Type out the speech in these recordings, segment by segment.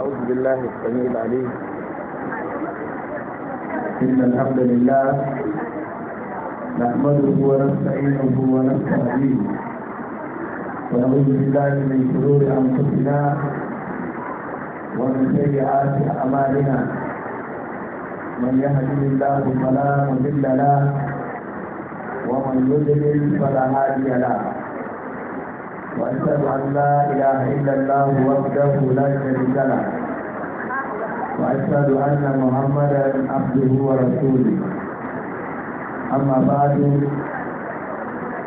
أعوذ بالله السميع العليم إن الحمد لله نحمده ونستعينه ونستهديه ونعوذ بالله من شرور أنفسنا ومن سيئات أعمالنا من يهده الله فلا مضل له ومن يضلل فلا هادي له وأشهد أن لا إله إلا الله وحده لا شريك له وأشهد أن محمدا عبده ورسوله أما بعد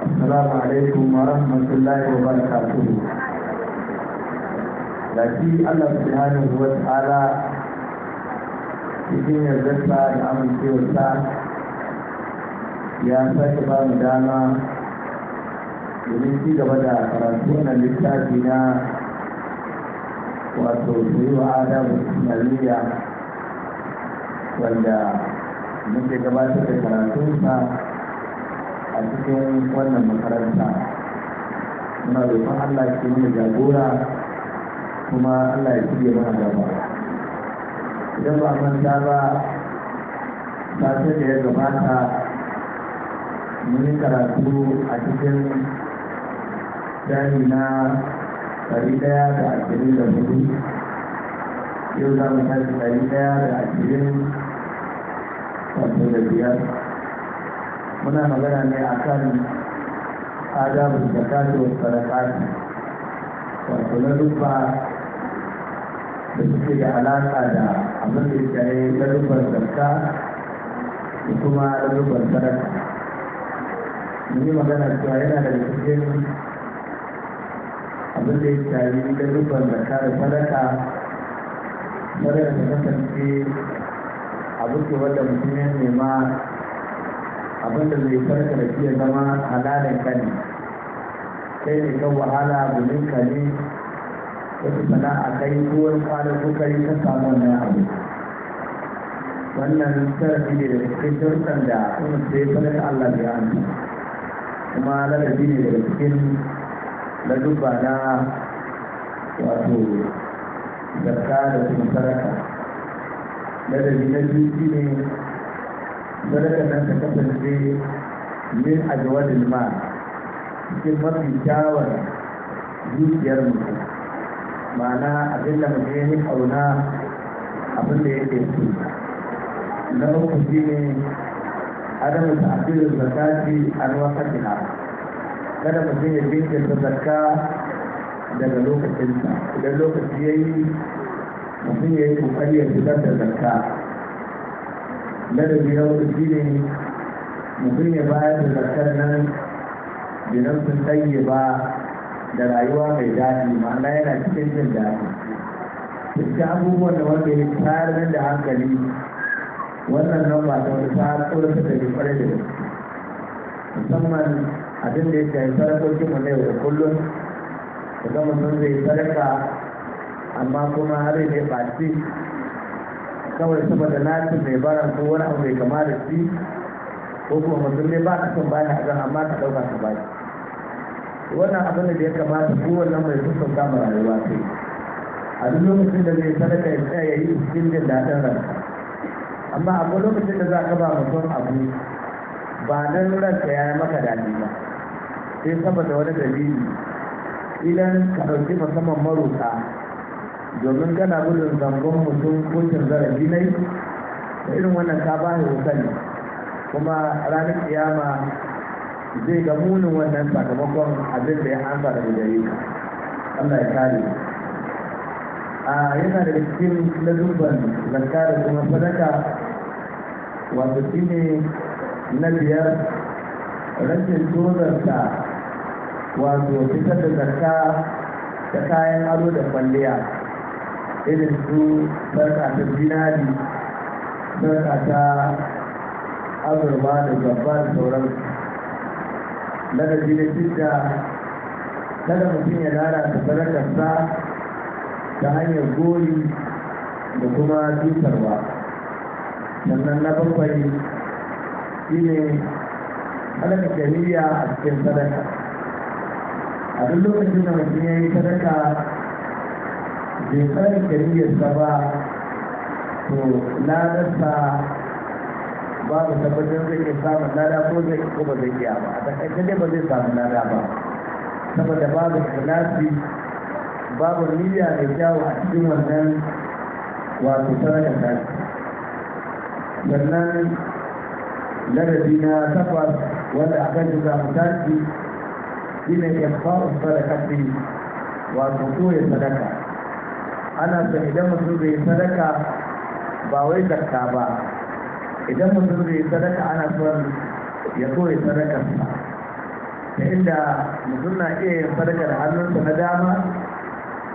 السلام عليكم ورحمة الله وبركاته لكن الله سبحانه وتعالى cikin yardarsa da amincewarsa ya sake ba mu dama domin ci gaba da karatu na littafi na wato tsayuwa adamu maliya wanda muke gabatar da karatunsa a cikin wannan makaranta muna roƙon allah ke mana jagora kuma allah ya shirya mana gaba idan ba manta ba ta ce da ya gabata muni karatu a cikin shahi na ɗari ɗaya da ashirin da hudu yau za mu tashi ɗari ɗaya da ashirin wato da biyar muna magana ne a kan adabin zakatu wasu sadaqati wato na dubba da suke da alaƙa da abin da ya shahi na dubban zakka da kuma na dubban sadaka mun yi magana cewa yana da cikin abin da ya tari da rufar da kare sadaka sadaka ta kasance abin da wanda mutum ya nema abin da zai farka da fiye zama halalin kani kai ne kan wahala gudun ka ne wata sana'a kai ko wani kwanan kokari ta samu wannan abu wannan sarari ne da suke turkan da kuma sai sadaka Allah ya hannu kuma ladabi ne daga cikin na duba na wato zarka da kuma saraka ladabi na biyu shi ne sadakar nan ta kasance min ajwadil ma cikin mafi kyawar zuciyar mutu ma'ana abin da mutum ya yi kauna abin da yake su na uku shi ne adamu ta zarka ci an wakatina kada mutum ya jinkirta zakka daga lokacinsa idan lokaci ya yi mutum ya yi kokari ya fitar da zakka ladabi na wata shi ne mutum ya bayar da zakkar nan nan sun tsaye ba da rayuwa mai daɗi ma'ana yana cikin jin daɗi cikin abubuwan da wanda ya tayar da hankali wannan nan ba ta wata ta tsorata da da gaske musamman abin da ya shafi sadakokin mu ne yau da kullum da sun zai sadaka amma kuma har ne ɓaci kawai saboda natin mai baran ko wani abu mai kama da shi ko kuma mutum ne ba ka son bayan a zan amma ka ɗauka ka bayan wannan abin da ya kamata kowanne mai sun kama rayuwa sai a duk lokacin da zai sadaka ya tsaya ya yi cikin jin daɗin ranka amma akwai lokacin da za ka ba mutum abu ba nan ranka ya maka daɗi ba sai saboda wani dalili idan ka ɗauki musamman maruka domin kana gudun zangon mutum ko cin zarafi nai da irin wannan ka ba shi wuta kuma ranar kiyama zai ga munin wannan sakamakon abin da ya hansa da gare ka Allah ya kare a yana da cikin lazumban zakka da kuma sadaka wato shine na biyar rashin tozarta wato fitar da zakka da kayan ado da kwalliya irin su sarka ta zinari sarka ta azurba da babbar da sauransu ladabi jini shidda kada mutum ya lalata sadakarsa ta hanyar gori da kuma cutarwa sannan na bakwai shine ne halaka jariya a cikin sadaka a duk lokacin da mutum ya yi sadaka bai tsara jariyarsa ba to ladarsa babu tabbatar zai iya samun lada ko zai ko ba zai iya ba a takaice dai ba zai samu lada ba saboda babu ikhlasi babu niyya da kyawu a cikin wannan wato sadaka ta sannan ladabi na takwas wanda a kan za mu tashi shi ne ikfaru sadakati wato koya sadaka ana son idan mutum zai sadaka ba wai zakka ba idan mutum zai sadaka ana son ya koya sadakarsa ta inda mutum na iya yin sadaka da hannunsa na dama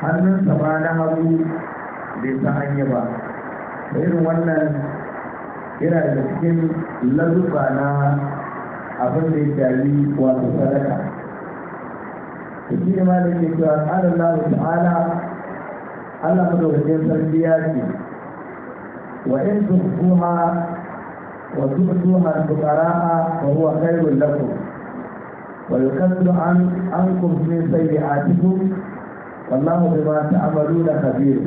hannunsa ba na hagu bai san hanya ba irin wannan yana daga cikin lalluba na abin da ya shafi wato sadaka shi ne ma da ke cewa ƙalar lalu ta'ala Allah madaukakin sarki ya ce wa in tuhkuha wa tuhkuha al-fuqara'a wa huwa khairul lakum wa yukaffiru an ankum min sayyi'atikum wallahu bima ta'maluna khabir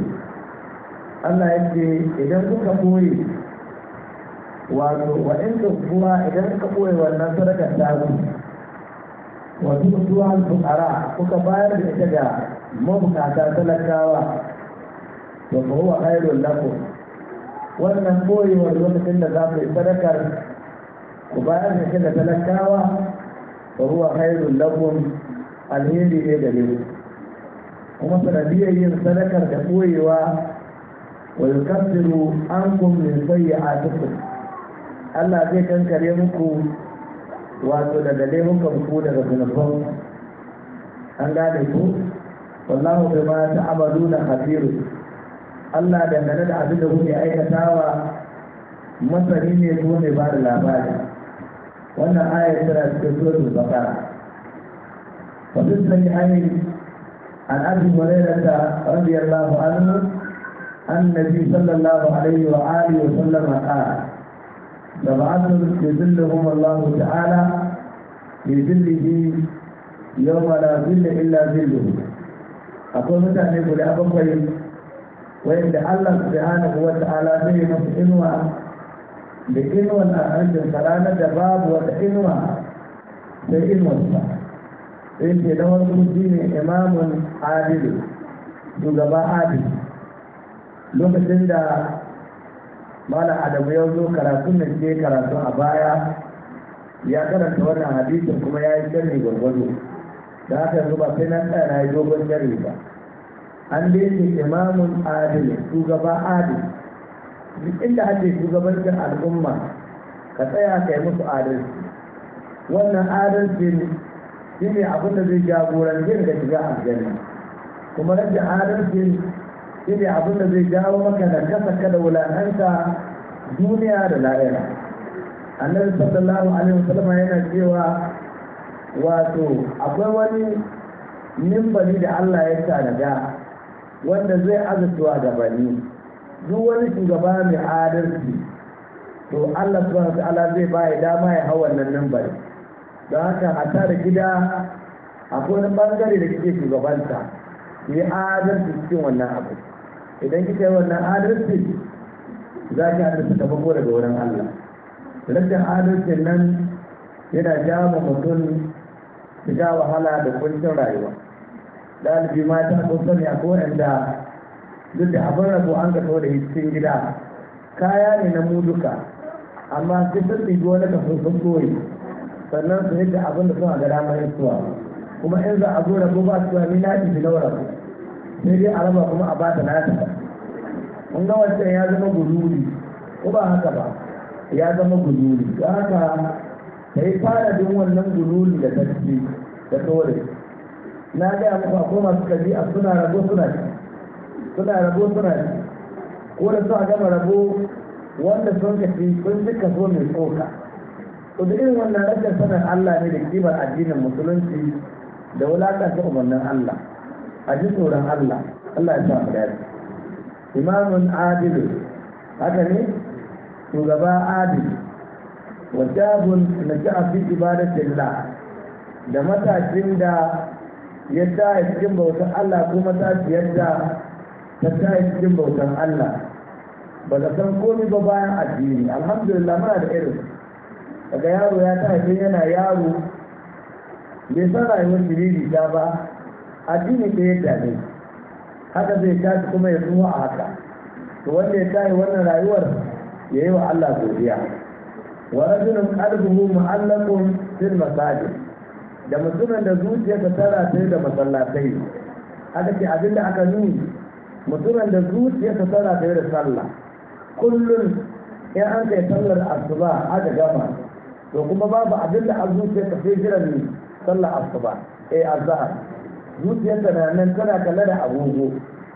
Allah ya ce idan kuka koyi wato wa in kuma idan ka ɓoye wannan sadakar tasu wa tutuwa al kuka bayar da ita ga mabukata talakawa to fa huwa khairul lakum wannan koyi boyewar lokacin da za ku yi sadakar ku bayar da ita ga talakawa wa huwa khairul lakum alheri ne da ku kuma sanadiyar yin sadakar da koyewa wa yukaffiru ankum min sayyi'atikum Allah zai kankare muku wato daga muka ku daga zunuban an gane ku wallahu bai ta Amadu na Hafiru. Allah dangane da abin da kuke aikatawa masani ne ko mai ba da labari wannan ayar tana cikin sojin baka wa fi sahihain an abi hurairah radiyallahu anhu annabi sallallahu alaihi wa alihi wa sallam qala تبعثهم Ta'ala الله تعالى في ذله يوم لا ذل الا ذله akwai mutane guda bakwai wayanda Allah subhanahu wa ta'ala zai musu inuwa da inuwa na ranjin da babu wata inuwa sai inuwar sa sai ke da wasu shi ne imamun adil shugaba adil lokacin da malam adamu ya zo karatun da ke karatu a baya ya karanta wannan hadisin kuma ya yi sharri gwargwado da haka yanzu ba sai na tsaya na yi dogon sharri ba an dace imamun adil shugaba adil duk inda ake shugabancin al'umma ka tsaya ka yi musu adalci wannan adalci shi ne abin da zai jagoranci da shiga aljanna kuma rage adalci shine ne abin da zai jawo maka da kasa kada da duniya da la'ira annabi sallallahu alaihi wasallam yana cewa wato akwai wani nimbali da Allah ya tanada wanda zai azurtuwa ni. duk wani shugaba mai adalci to Allah subhanahu ta'ala zai ba ya dama ya hau wannan nimbali don haka a da gida akwai wani bangare da kike shugabanta yi adalci cikin wannan abu idan kika yi wannan adalci za ki adalci ta bako daga wurin Allah rashin adalcin nan yana jawo mutum shiga wahala da kuncin rayuwa ɗalibi ta sun sani a da duk da abin rabu an gato da cikin gida kaya ne na mu duka amma sai sun ɗigi wani kafin sun koyi sannan su yadda abin da suna ga damar yin suwa kuma in za a zo rabu ba su wani na ɗigi na rabu sai dai a raba kuma a bata nata kun ga wancan ya zama guduri ko ba haka ba ya zama guduri ga haka ta yi fara jin wannan guduri da tafi da tsore na ya kuma ko masu a suna rabo suna ci suna rabo suna ci ko da a gama rabo wanda sun kaci sun ji zo mai tsoka to da irin wannan rashin sanin Allah ne da kimar addinin musulunci da ta umarnin Allah a tsoron Allah Allah ya samu dadi imamun adilu haka ne shugaba adilu wajabun na a fi ibadatillah da matashin da ya ta cikin bautan Allah ko matashiyar da ta ta cikin bautan Allah ba da san komi ba bayan addini alhamdulillah mara da irin daga yaro ya ta yana yaro bai san rayuwar shiriri ta ba addini da ya dame haka zai tashi kuma ya zuwa a haka to wanda ya tashi wannan rayuwar ya yi wa Allah godiya wa rajulun qalbuhu mu'allaqun fil masajid da mutumin da zuciya ta tsara sai da masallatai haka ce abinda aka nuni mutumin da zuciya ta tsara sai da sallah kullun in an kai sallar asuba aka gama to kuma babu abinda a ta sai jiran sallar asuba eh azhar zuciyar da na nan tana kalle da agogo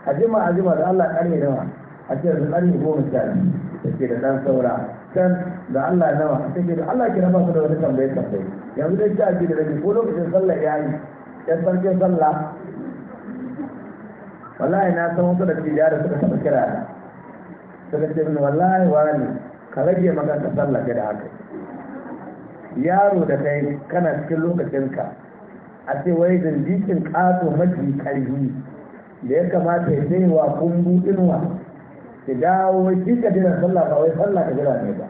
a jima a jima da Allah ƙarni nawa a ce da ƙarni goma sha da ke da dan saura can da Allah nawa a take da Allah kira ba su da wani tambaye tambaye yanzu dai sha da rabi ko lokacin sallah ya yi yan sarkin sallah wallahi na san wasu da ke da suka taɓa kira da suka ce min wallahi wani ka rage maka ka sallah da haka yaro da kai kana cikin lokacinka a ce wai zindikin ƙato mafi ƙarfi da ya kamata ya sai wa kumbu inuwa ya dawo wai shi ka jira sallah ba wai sallah ka jira ne ba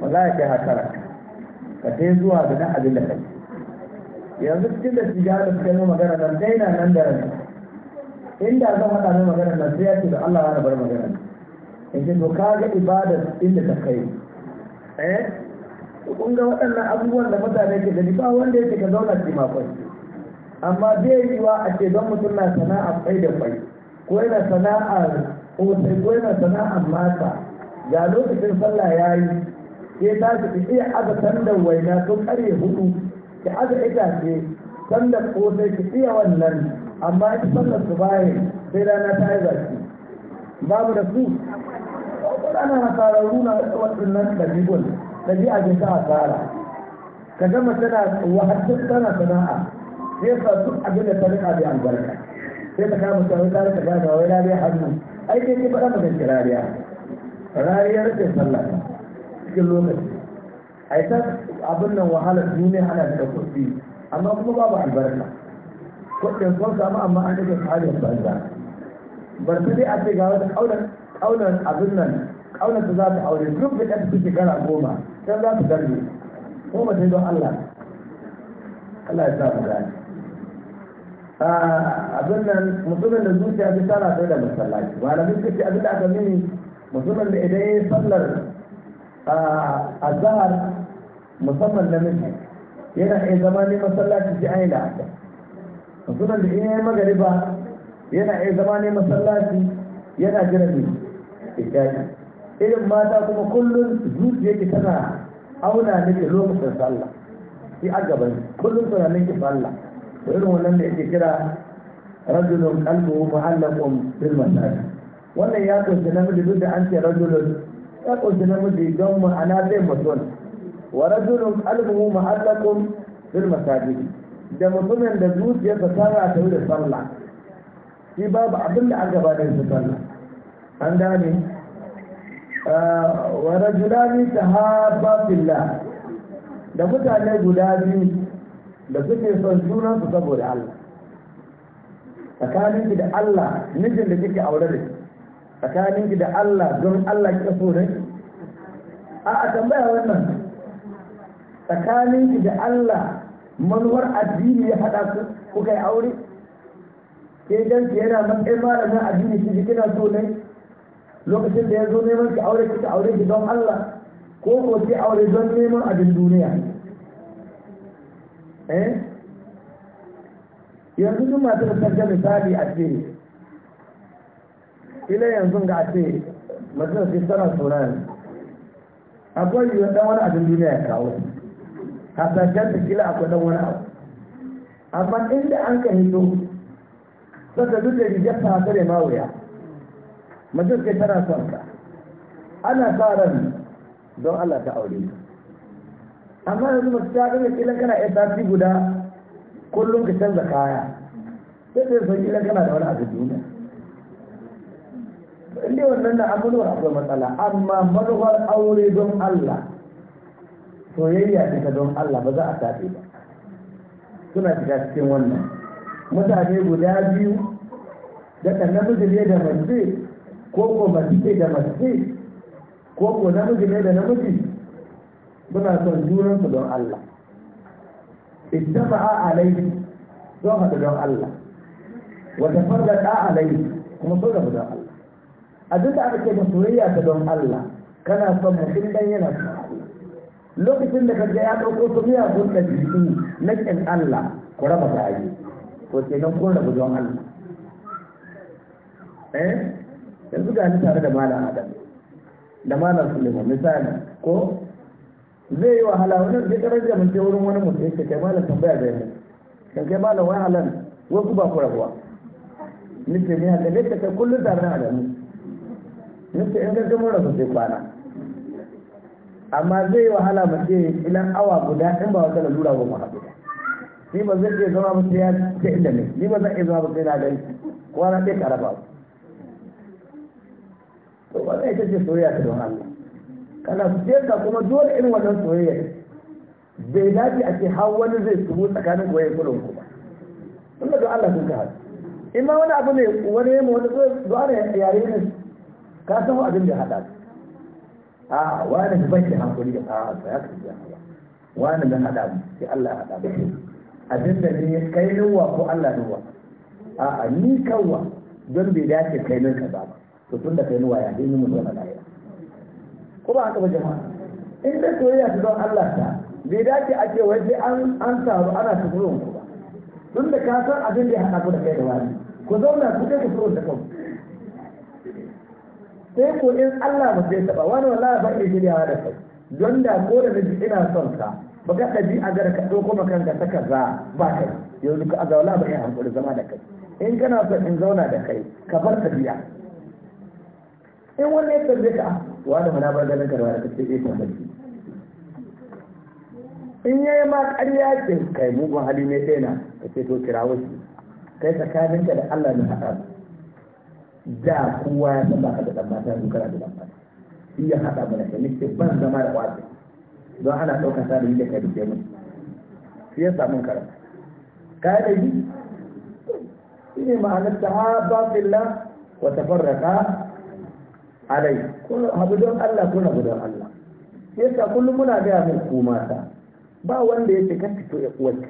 wala ya kai hatara ka sai zuwa ga nan abin da kai yanzu cikin da shi da suka yi magana nan daina nan da nan inda zan haɗa mai magana nan sai ya ce da Allah na bar magana in ce to kaga ibadar inda ta kai eh kun ga waɗannan abubuwan da mutane ke gani ba wanda yake ka zauna cikin makwai amma zai yi wa a ce don mutum na sana'a kai da kwai ko yana sana'ar kosai ko yana sana'a mata ga lokacin sallah ya yi sai ta shi ki iya aza sandan waina tun karye hudu ki aza itace sandan sai ki iya wannan amma ita sallar su baya sai rana ta yi zaki babu da su waɗannan hasararru na waɗannan ɗabi'un ɗabi'a ke ta asara. ka gama tana wahatar tana sana'a sai sa duk abin da ta rika bai albarka sai ta kama ta rika rika gana wai rariya hannu ai dai ki faɗa maka rariya rariya rike sallah cikin lokaci ai ta abin nan wahala duniya ana da kuɗi amma kuma babu albarka kuɗin sun samu amma an rike tsarin banza bar ta dai a ce ga wata ƙaunar ƙaunar abin nan ƙaunar ta za ta aure duk da ɗan su shekara goma sai za su garbe ko ba sai don Allah Allah ya sa mu gani Ah, abin nan mutumin da zuciya ta tana sai da masallaci malamin kace abin da aka nuni mutumin da idan ya sallar ah, azhar musamman namiji yana iya zama ne masallaci sai an yi da mutumin da in ya magariba yana iya zama ne masallaci yana jira ne ikyaki irin mata kuma kullum zuciyarki tana auna nake lokacin sallah shi a gaban kullum tunanin ki sallah irin wannan da yake kira rajulun qalbuhu mu'allaqun bil masajid wannan ya kunshi namiji duk da an ce rajulun ya kunshi namiji don ma'ana zai mutum wa rajulun qalbuhu mu'allaqun bil masajid da mutumin da zuciyarsa ta ga ta da sallah shi babu abin da an gaba da shi sallah an gane ah, wa rajulani tahabba fillah da mutane guda biyu da suke son juna su saboda Allah tsakaninki da Allah mijin da kike aure da tsakaninki da Allah don Allah kike so da a a tambaya wannan tsakaninki da Allah manuwar addini ya haɗa ku kuka yi aure ke dan ki yana matsayin malamin addini shi kina so ne lokacin da ya zo neman ki aure kika aure ki don Allah ko ko ki aure don neman abin duniya eh yanzu duk masu da misali a ce ile yanzu ga ce masu sai tana sunan akwai yiwuwa dan wani abin duniya ya kawo hasashen da kila akwai dan wani abu amma inda an ka hito saka duk da rigar ta hasare mawuya, masu mutum sai tana son ka ana sa ran don Allah ta aure ka amma yanzu masu ta gane kila kana iya sati guda kullum ka canza kaya sai sai sai kila kana da wani abu duniya inda wannan na amanuwar akwai matsala amma manufar aure don Allah soyayya cika don Allah ba za a tafi ba suna shiga cikin wannan mutane guda biyu da daga namiji ne da mace ko ko mace da mace ko ko namiji ne da namiji suna son junansu don Allah ittafa'a alaihi don haɗu don Allah wata fardaɗa alaihi kuma so da don Allah a duk da aka ce soyayya ta don Allah kana son mutum dan yana son Allah lokacin da kaga ya ɗauko su da jiki na ƙin Allah ku raba tare to kenan kun rabu don Allah eh yanzu ga ni tare da malam Adam da malam Suleiman misali ko zai yi wahala wani zai karar da mun ce wurin wani mutum yake kai malam tambaya da ni kan kai malam wani halan wasu ba ku rabuwa nake ne haka ne ka kullum tare da adamu nake in gaggan mun su sai kwana amma zai yi wahala mu ce ilan awa guda in ba wata lalura ba mu haɗu ni ba zai iya zama ba sai ya ce inda ne ni ba zan iya zama ba sai na gani kwana ɗaya ka raba to ba zai ta ce soyayya ta don Allah karamce ka kuma dole irin wannan soyayya bai dace a ce har wani zai tubu tsakanin koyar kulun kuma Tun da Allah sun ka in ma wani abu ne wani yamma wani zuwa ne yare ne ka san abin da haɗa a wani da bashi hankali da a sa ya kasu wani da haɗa mu sai Allah ya haɗa mu abin da ne kai nuwa ko Allah nuwa a ni kawwa don bai dace kai ka ba to tun da kai nuwa ya dai mu zo na ko ba haka ba jama'a in da soyayya ta don Allah ta bai dace a ce wai sai an an taru ana tukurin ku ba tun da ka san abin da ya haɗa ku da kai da wani ku zauna ku kai ku furo da kanku sai ko in Allah ba zai taɓa wani wala ba iya shiryawa da kai don da ko da naji ina son ka ba ka ɗabi a gara ka ɗauko kanka ta kaza ba kai yanzu ka azawa la ba iya hankali zama da kai in kana son in zauna da kai ka bar biya. in wani ya zai ka ah, wani mana bar ganin karwa da kace ke eh kuma in yayi ma ƙarya ce kai mugun hali ne dai na ka ce to kira wasu kai tsakaninka da Allah ne haka da kuwa ya san baka da dan mata su kana da dan mata shi ya haɗa mana kai ne ce ban zama da ƙwace don ana ɗaukar sa da yi da kai da ke shi ya samu karatu ka yi shi ne ma'anar ta ha ba filla wa tafarraka alai abu haɗu don Allah kun haɗu don Allah yasa kullum muna gaya mai ku mata ba wanda ya cika fito ya uwarki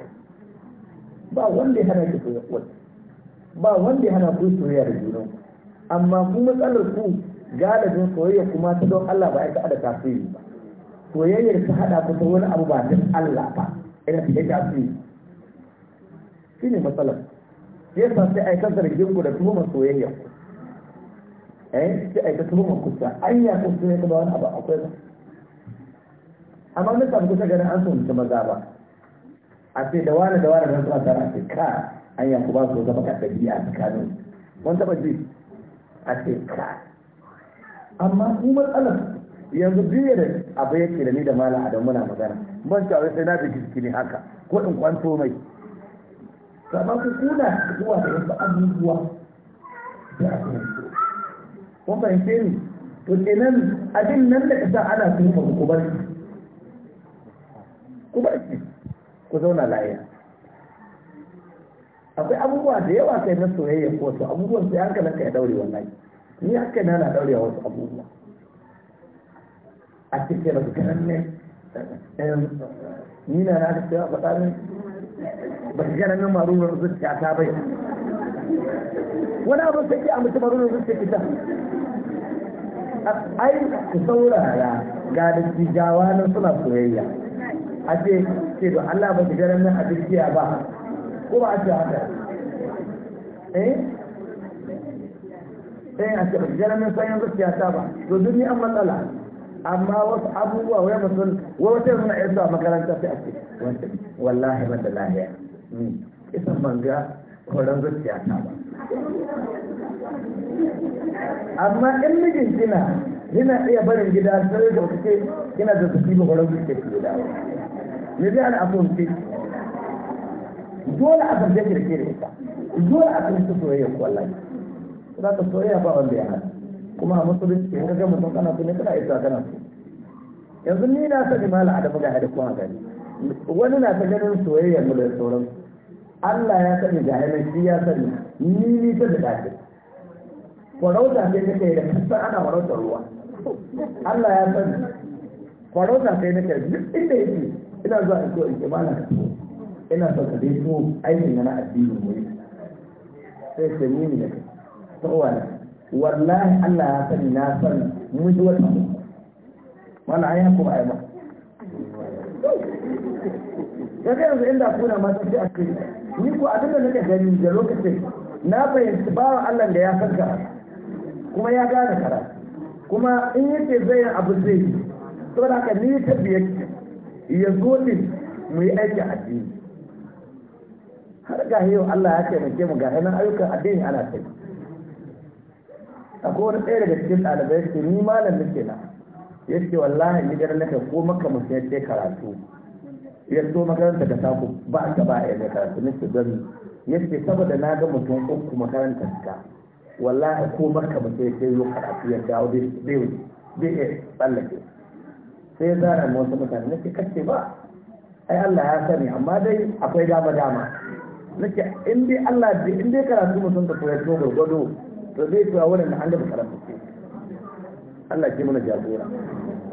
ba wanda ya hana fito ya uwarki ba wanda ya hana ku soyayya da juna amma ku matsalar ku galibin soyayya kuma ta don Allah ba ya ta da tasiri ba soyayyar ta hada ku ta wani abu ba don Allah ba ina ta tasiri ne matsalar yasa sai aikar zargin ku da tuhumar soyayya ku eh sai a yi ta tuhumar kusa an ya kusa ya kuma wani abu akwai ba amma na samu kusa ganin an tuhumci maza ba a ce da wani da wani rantsuwa tare a ce ka an ya kuma su zama ka a tsakanin wani taɓa ji a ce ka amma su matsalar yanzu biyu da abu yake da ni da mala adam muna magana ban ta wai sai na bi jiki haka ko in kwanto mai amma ku kuna zuwa da wasu abubuwa da aka yi kun fahimce ni to kenan abin nan da kasa ana tufa ku bar shi ku bar shi ku zauna lafiya akwai abubuwa da yawa kai na soyayya ko wasu abubuwan sai hankalin ka ya daure wallahi ni haka na na daure wasu abubuwa a cikin da ganin ne ni na na ta a faɗa min ba ta ganin min marunar zuciya ta bai wani abu sai ke a mutum marunar zuciya ta ai ku saurara ga da tijawa suna soyayya a ce ce don Allah ba ki garan nan a dukiya ba ko ba a ce haka eh sai eh, a ce ba ki garan nan sayan zuciya ta ba to duk ni an matsala amma wasu abubuwa wai mutum wai wata suna na zuwa makaranta sai a ce wallahi ban da lahiya hmm. isan manga ga horon zuciya ta ba amma in mijin kina yana iya barin gida sai da kace kina da su ba gwaran ki tafi gida ne zai ana afon ki dole a san da ke da ita dole a san soyayya ko wallahi za ka soyayya ba wanda ya hada kuma a musulunci in ga mutum kana so ne kana isa kana yanzu ni na sani mala adamu ga hada kuma gani wani na ta ganin soyayya mu da sauransu Allah ya sani da yanar shi ya sani ni ni ta da dace farauta sai nake da kasar ana farautar ruwa Allah ya sani farauta sai nake duk inda yake ina zuwa in so in ke mana ina son ka daito aikin na addini mu sai sai ni ne kai tsawa wallahi Allah ya sani na san mun yi wata wala ai hakuma ai ba kaga yanzu inda kuna ma shi a kai ni ko abin da nake gani da lokacin na fahimci bawa Allah da ya san kuma ya gane kara kuma in yake zai yin abu zai yi saboda haka ni ta ya zo ne mu yi aiki addini har ga yau Allah ya taimake mu ga hannun ayyukan addini ana sai a wani ɗaya daga cikin ɗalibai ce ni malam nake na ya ce wallahi ni garin nake ko maka mutum ya karatu ya so makaranta ka ku ba ka ba ya makaranta karatu ce gani ya ce saboda na ga mutum uku makaranta ka wallahi ko maka ba sai sai karatu ya dawo dai zai iya tsallake sai ya zara na wasu mutane na ce kace ba ai Allah ya sani amma dai akwai dama dama na ce in dai Allah in dai karatu mutum ka koyar to gwargwado to zai tuwa wurin da an gaba karatu Allah ke mana jagora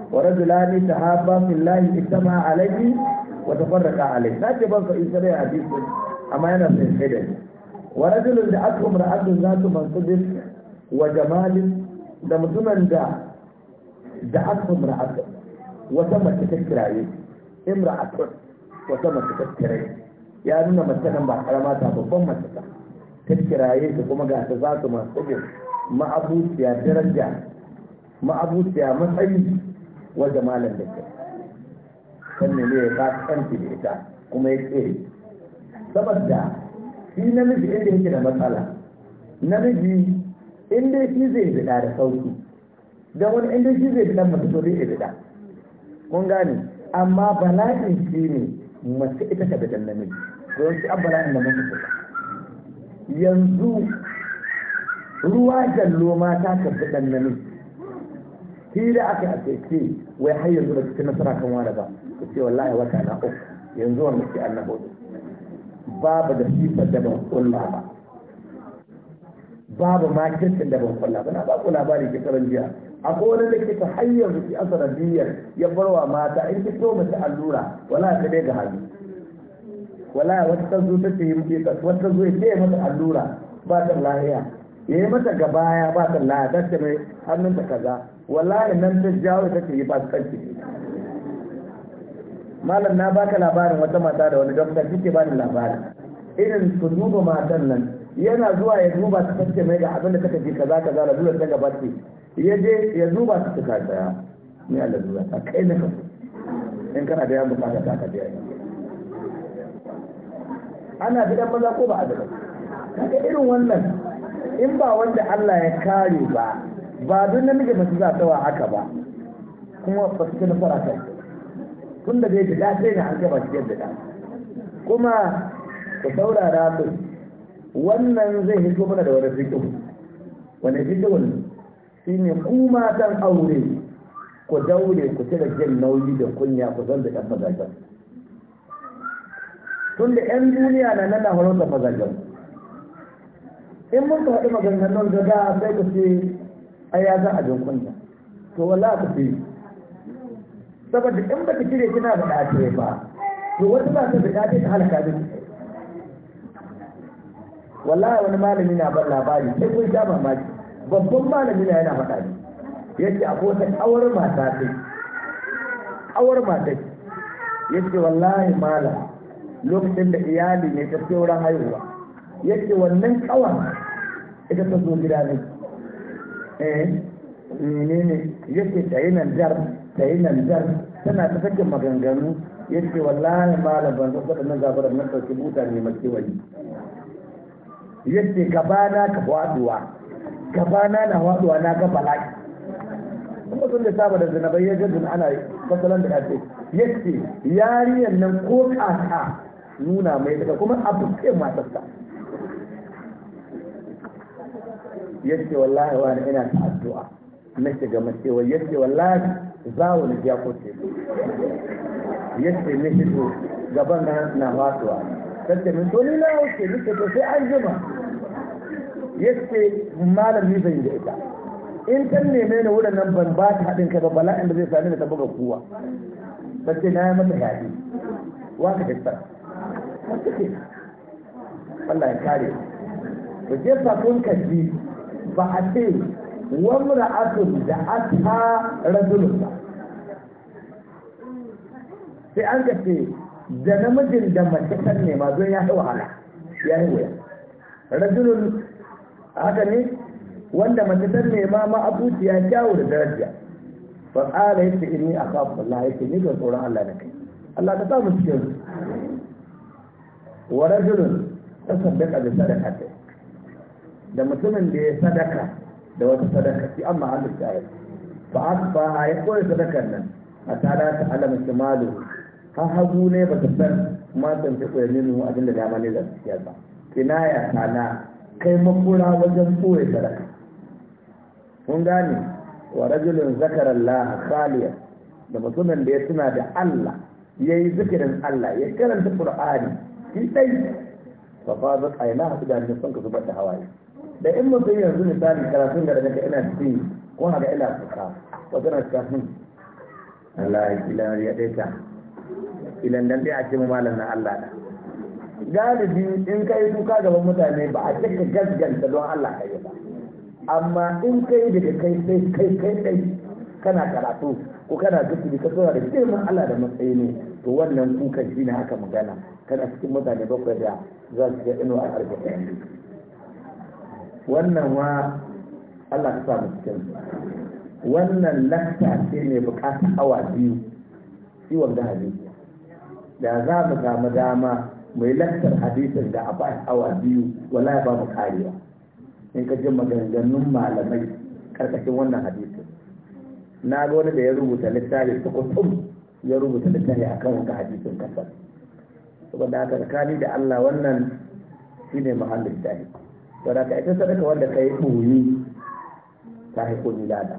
wa rajulani tahabba fillahi اجتمع عليه wata farraka alai na ce ban ka isa dai a jikin amma yana sai sai da ni wa rajulun da aka umra abdun za su mansubin wa jamalin da mutumin da da aka umra abdun wata mace ta kiraye Imra imra'atun wata mace ta kiraye ya nuna mace nan ba karama ta babban mace ta ta kiraye ta kuma ga ta za su mansubin ma'abuciya daraja ma'abuciya matsayi wa jamalin da ke. kan ne ya kasance da ita kuma ya tsere saboda shi namiji inda yake da matsala namiji inda shi zai bida da sauki don wani inda shi zai bida masu to zai bida kun gane amma bala'in shi ne mace ita ta bidan namiji don shi bala'in da mace ta yanzu ruwa jallo mata ta bidan namiji hira aka a ce wai har yanzu ba su ci nasara kan wani ba ku ce wallahi wata na uku yanzu wanda ke annabo babu da sifar da ban kulla ba babu makircin da ban kulla ba na ba ku labari ke karan jiya akwai wani da ke ta har yanzu ki asarar biyar ya barwa mata in ki so mace allura wala ta dai ga hannu wala wata ta zo ta ce yi wata zo ya ce mata allura ba ta lahiya ya yi mata gabaya ba ta lahiya ta ce mai Hannun ta kaza wallahi nan ta jawo ta ce yi fasikanci malam na baka labarin wata mata da wani dokta kike bani labarin irin su duba matan nan yana zuwa ya duba ta tace mai ga abin da take ji kaza kaza da zuwa ta gaba ce ya je ya duba ta tuka tsaya ni Allah zuwa ta kai ne kafu in kana da yamma bukata ta ka biya ana gidan maza ko ba a daga kaga irin wannan in ba wanda Allah ya kare ba ba don namiji mace za ta aka haka ba kuma ba su kina fara kai tun da bai da sai na an kai ba su yadda jida kuma ku saurara ku wannan zai hito mana da wani fiƙi wani fiƙi shi ne ku matan aure ku daure ku cire jin nauyi da kunya ku zan da ɗan mazajen tun da 'yan duniya na nana horon da mazajen in mun ka haɗu maganganun da da sai ku ce ai ya a abin kunya to wallahi ka fi saboda in ba ki kire kina da ɗace ba to wani ba ta da ɗace ta halaka da ki wallahi wani malami na bar labari sai kun sha mamaki babban malami na yana faɗa ne yake akwai wata awar mata ce awar mata ce yake wallahi malam lokacin da iyali ne ta sauran haihuwa yake wannan kawan ita ta zo gida ne Eh, menene yake ta yi nan jar ta yi nan jar tana ta sakin maganganu yake wallahi malam ban san sabbin gafara na sauki buta ne mai kiwayi yake gabana ka waduwa gabana na waduwa na ga balaki kuma sun da saba da bai ya dun ana fasalan da yace yake yariyan nan ko kaka nuna mai daga kuma abu ke matarsa yace wallahi wani ina ta addu'a na shiga mace yake yace za zawo ne ya kuce yace ne shi to gaban na na fatuwa kace min to ni na wuce ni to sai an jima yace malam ni zan yi ita in kan neme ni wurin nan ban ba ta haɗin kai ba bala'in da zai sami da ta buga kuwa sai na yi mata yaji, wa ka tsara Allah ya kare ku jefa kun kaji ba a ce wamra atun da aka rajulun ba sai an ka ce da namijin da mace ta nema don ya yi wahala ya yi wuya rajulun haka ne wanda mace kan nema ma abuciya kyawu da daraja fa yake yace a kafin Allah yake ni don tsoron Allah da kai Allah ka sa mu cikin wa rajulun da sadaka ta da mutumin da ya sadaka da wata sadaka fi amma an da ya fa a yi koyi sadakar nan a tada ta alam kimalu har hagu ne ba ta san matan ta koyi ninu abin da dama ne za su ba kinaya sana kai makura wajen koyi sadaka kun gane wa rajulun zakarallah khaliya da mutumin da ya tuna da Allah ya yi zikirin Allah ya karanta Qur'ani shi dai fa fa zaka yana hasu da sun ka zubar da hawaye da in mutum yanzu misali karatun da daga ina cikin ko haka ina suka wata na suka hin Allah ya kila ya ɗaita ilan dan ɗaya ce malam na Allah da galibi in ka yi kuka gaban mutane ba a cika gasganta don Allah ka yi ba amma in ka yi daga kai sai kai kai kai kana karatu ko kana zikiri ka tsora da girman Allah da matsayi ne to wannan kukan shi ne haka magana kana cikin mutane bakwai da za su ga inuwa a arzikin wannan wa Allah ta samu cikin wannan lakta ce mai bukatar awa biyu ciwon da hadisi da za mu samu dama mai laktar hadisin da a ba awa biyu wala ba mu karewa in ka jin maganganun malamai karkashin wannan hadisin na ga wani da ya rubuta littafi ta kutum ya rubuta littafi a kan wata hadisin kasar saboda haka tsakani da Allah wannan shine mahallin tarihi wadda ka ita sadaka wanda ka yi ɓoyi ta haiko ni lada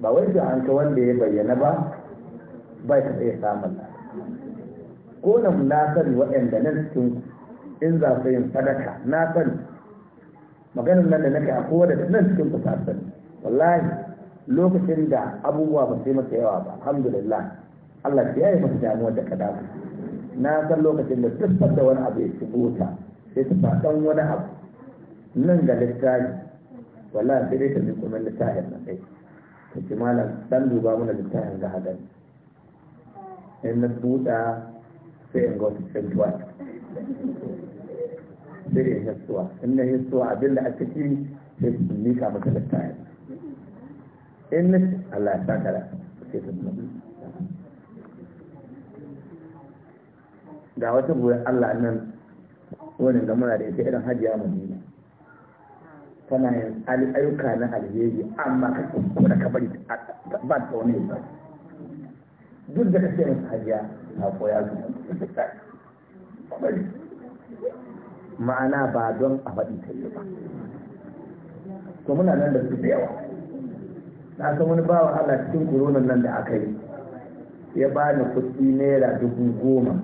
ba wai da an ka wanda ya bayyana ba bai ka iya samun lada ko na na sani waɗanda nan cikin in za su yin sadaka na sani maganin nan da nake a kowa da nan cikin ku ta sani wallahi lokacin da abubuwa ba sai masa yawa ba alhamdulillah Allah ya yi masa damuwa da ka na san lokacin da duk da wani abu ya shigo ta sai ta faɗan wani abu nan ga littafi wala sai dai ka bi kuma littafin na kai ta ce malam dan duba mana littafin ga hadan in na buɗa sai in ga wata cantuwa sai in hissuwa in na hissuwa abin da aka ci sai su nika maka littafin in na Allah ya saka da sai ka ga wata buɗe Allah nan wani ga da ita irin hajiya madina kana yin ayyuka na alheri amma ka kuma da kabari ba ta wani yasa duk da ka ce masa hajiya na koya su ma'ana ba don a faɗi ta yi ba to muna nan da su da yawa na san wani bawa wahala cikin koronan nan da aka yi ya ba ni kuɗi naira dubu goma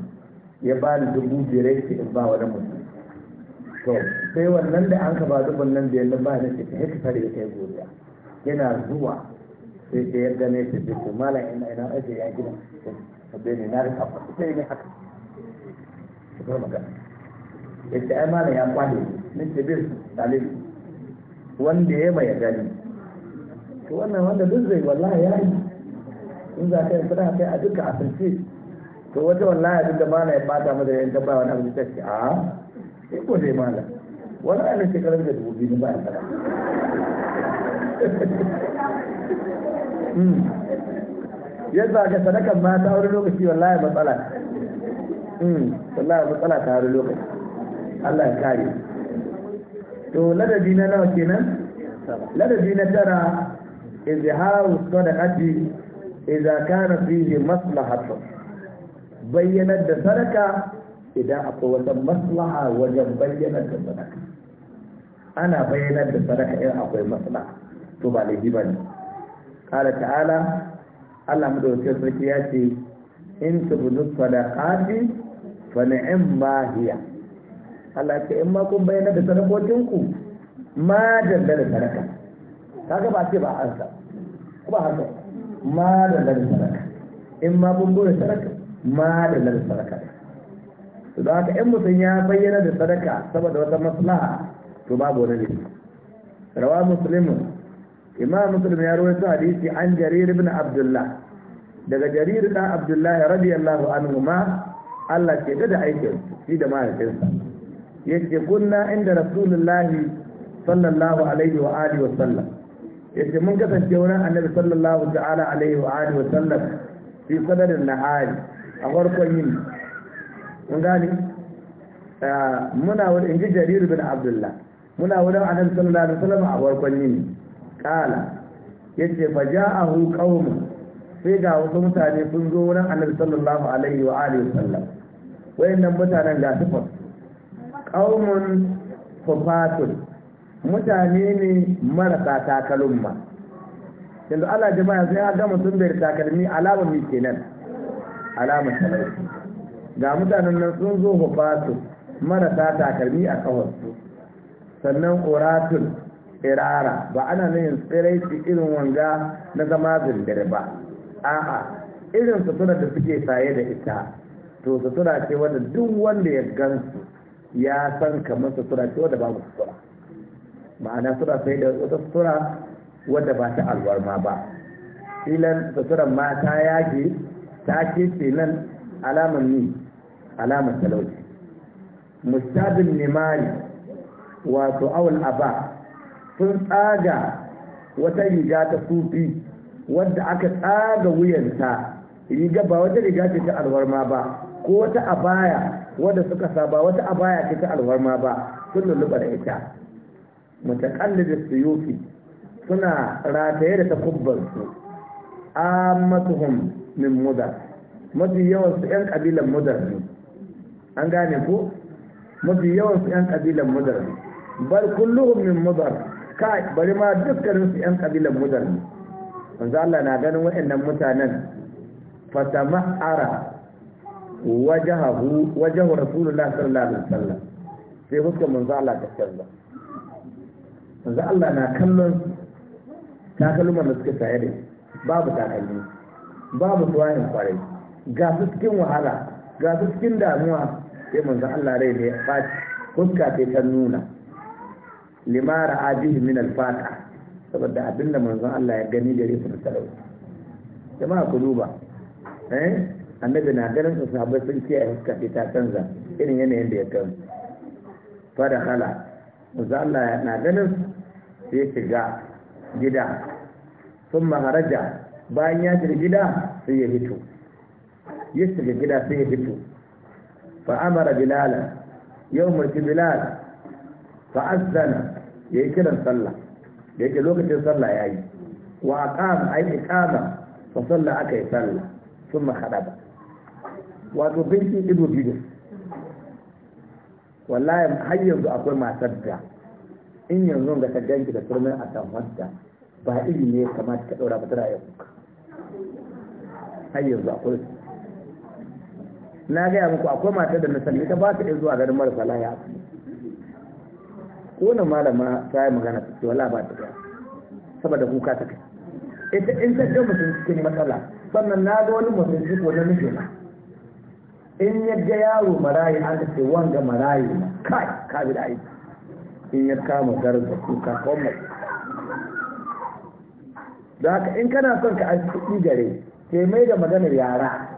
ya ba ni dubu biyar ke in ba wani mutum to sai wannan da an kaba dubban nan da yalla ba da ce ta haka fare ta godiya yana zuwa sai da ya ne ta ce to malam ina ina aje ya gida to ne na rika ta sai ne haka to kuma ga yace ai malam ya kwale ne ce bil dalil wanda ya mai gani to wannan wanda duk zai wallahi ya yi in za ka yi fara kai a duka asirce to wata wallahi duk da mana ya bata mata yan tabbawa na ce a sai ko zai mala wani ana shekarar da dubu biyu ba a tsara yadda ga sadakan mata wani lokaci wallahi matsala wallahi matsala ta wani lokaci Allah ya kare to ladabi na nawa kenan ladabi na tara izharu sadaqati idza kana fihi maslahatun bayyanar da sadaka idan akwai wata maslaha wajen bayyana da sadaka ana bayyana da sadaka idan akwai maslaha to ba laifi ba ne kala ta'ala Allah madaukakin sarki ya ce in tubnu sadaqati fa ni'ma hiya Allah ce in ma kun bayyana da ku ma da sadaka kaga ba ce ba ansa ko ba haka ma da sadaka in ma kun bude sadaka ma da sadaka to da haka in mutum ya bayyana da sadaka saboda wata maslaha to babu wani ne rawa muslimun imam muslim ya rawaito hadisi an jarir ibn abdullah daga jarir dan abdullah radiyallahu anhu ma Allah ke da aikin shi da mahaifinsa yace kunna inda rasulullahi sallallahu alaihi wa alihi wa sallam yace mun kasance wurin annabi sallallahu ta'ala alaihi wa alihi wa sallam fi sadarin nahari a farkon yini mun eh, muna wurin in ji jarir bin abdullah muna wurin annabi sallallahu alaihi wasallam a farkon yini kala yace fa ja'ahu qaumun sai ga wasu mutane sun zo wurin annabi sallallahu alaihi wa alihi wasallam wayannan mutanen ga su qaumun fafatun mutane ne marasa takalumma yanzu Allah jama'a sai ya ga mutum bai takalmi alama mi kenan alama talauci ga mutanen nan sun zo hufatu marasa takalmi a kawarsu sannan oratul irara ba ana nuhin tsiraici irin wanga na zama zirgare ba a'a irin sutura da suke saye da ita to sutura ce wanda duk wanda ya gansu ya san kamar sutura ce wanda babu sutura ma'ana sutura sai da wata sutura wadda ba ta alwarma ba filan suturan mata yaki ta ce nan alaman ni alamar talauci mustabin nemari wato awul aba sun tsaga wata riga ta sufi wadda aka tsaga wuyanta riga ba wata riga ce ta alwarma ba ko wata abaya wadda suka saba wata abaya ce ta alwarma ba sun lulluɓa da ita su yofi suna rataye da takubbansu ammatuhum min mudar mafi yawan su 'yan ƙabilan mudar ne an gane ko mafi yawan su yan kabilan mudar Bar kulluhum min mudar kai bari ma dukkanin su yan kabilan mudar manzo Allah na ganin waɗannan mutanen fatama'ara wajahu wajahu rasulullah sallallahu alaihi wasallam sai fuskar manzo Allah ta canza manzo Allah na kallon takalman da suka saye da babu takalmi babu tuwayin kwarai ga su cikin wahala ga su cikin damuwa sai manzo Allah rai da ya faci fuska sai ta nuna limara ajihi min alfata saboda abinda manzon Allah ya gani da su talauci jama'a ku duba eh annabi na ganin su sabai sun kiyaye fuska sai ta canza irin yanayin da ya kan fara hala manzon Allah na ganin sai shiga gida sun maharaja bayan ya shiga gida sai ya fito ya shiga gida sai ya fito فأمر بلالا يوم بلال فأذن ya yi kiran sallah da yake lokacin sallah ya yi wa a kama a yi kama fa sallah aka yi sallah sun mahaɗa ba wato binci ido biyu wallahi har yanzu akwai matar da in yanzu ga ganki da turmin a iri ne kamata ɗaura ba tana har yanzu na gaya muku akwai matar da na ta ba su iya zuwa garin marasa laya ko malama ta yi magana ta ce wala ba ta gaya saboda kuka ta kai ita in ta ga mutum cikin matsala sannan na ga wani mutum cikin wani nufi na in ya ga yaro marayi an ta ce wanga marayi na kai ka bi da aiki in ya kama garin da kuka kawai mai da haka in kana son ka aiki kuɗi gare ke mai da maganar yara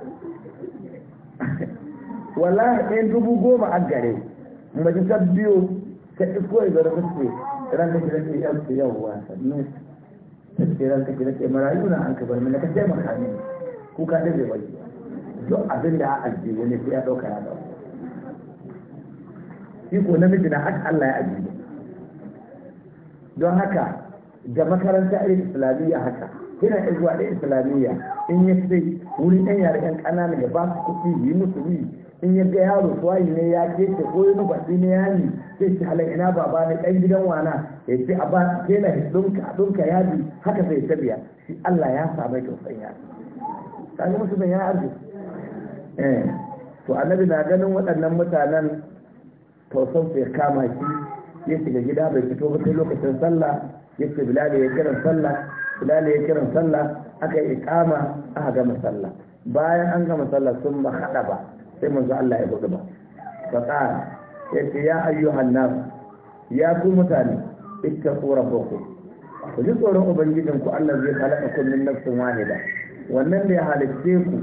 wala ɗayan dubu goma a gare mace ta biyu ta isko ya zara kuske da gidan ke yau ke yau wa sannu ta ce ranka gidan ke marayu na an ka bar mana ka taimaka mini kuka ɗin zai bari duk abin da a ajiye wani sai ya ɗauka ya ɗauka shi ko namiji na haka Allah ya ajiye don haka da makaranta irin islamiyya haka yana izuwa ɗin islamiyya in ya sai wurin ɗan yare ɗan ƙanana da ba su kuɗi yi musu yi in ya ga yaro suwayi ne ya ta, ko na nufa ne ya yi sai shi halar ina baba ne ɗan gidan wana ya ce a ba ke na ɗunka ya bi haka sai ta biya shi Allah ya samu tausayin ya ta ga musu ya arziki eh, to annabi na ganin waɗannan mutanen tausan su ya kama shi ya shiga gida bai fito ba sai lokacin sallah ya ce bilali ya kiran sallah Bilali ya kiran sallah aka yi ikama aka gama sallah bayan an gama sallah sun ba haɗa ba sai manzo Allah ya buɗe ba faqala yace ya ayyuhan nas ya ku mutane ittaqu rabbakum ku ji tsoron ubangijin ku Allah zai halaka min nafsin wahida wannan da ya ku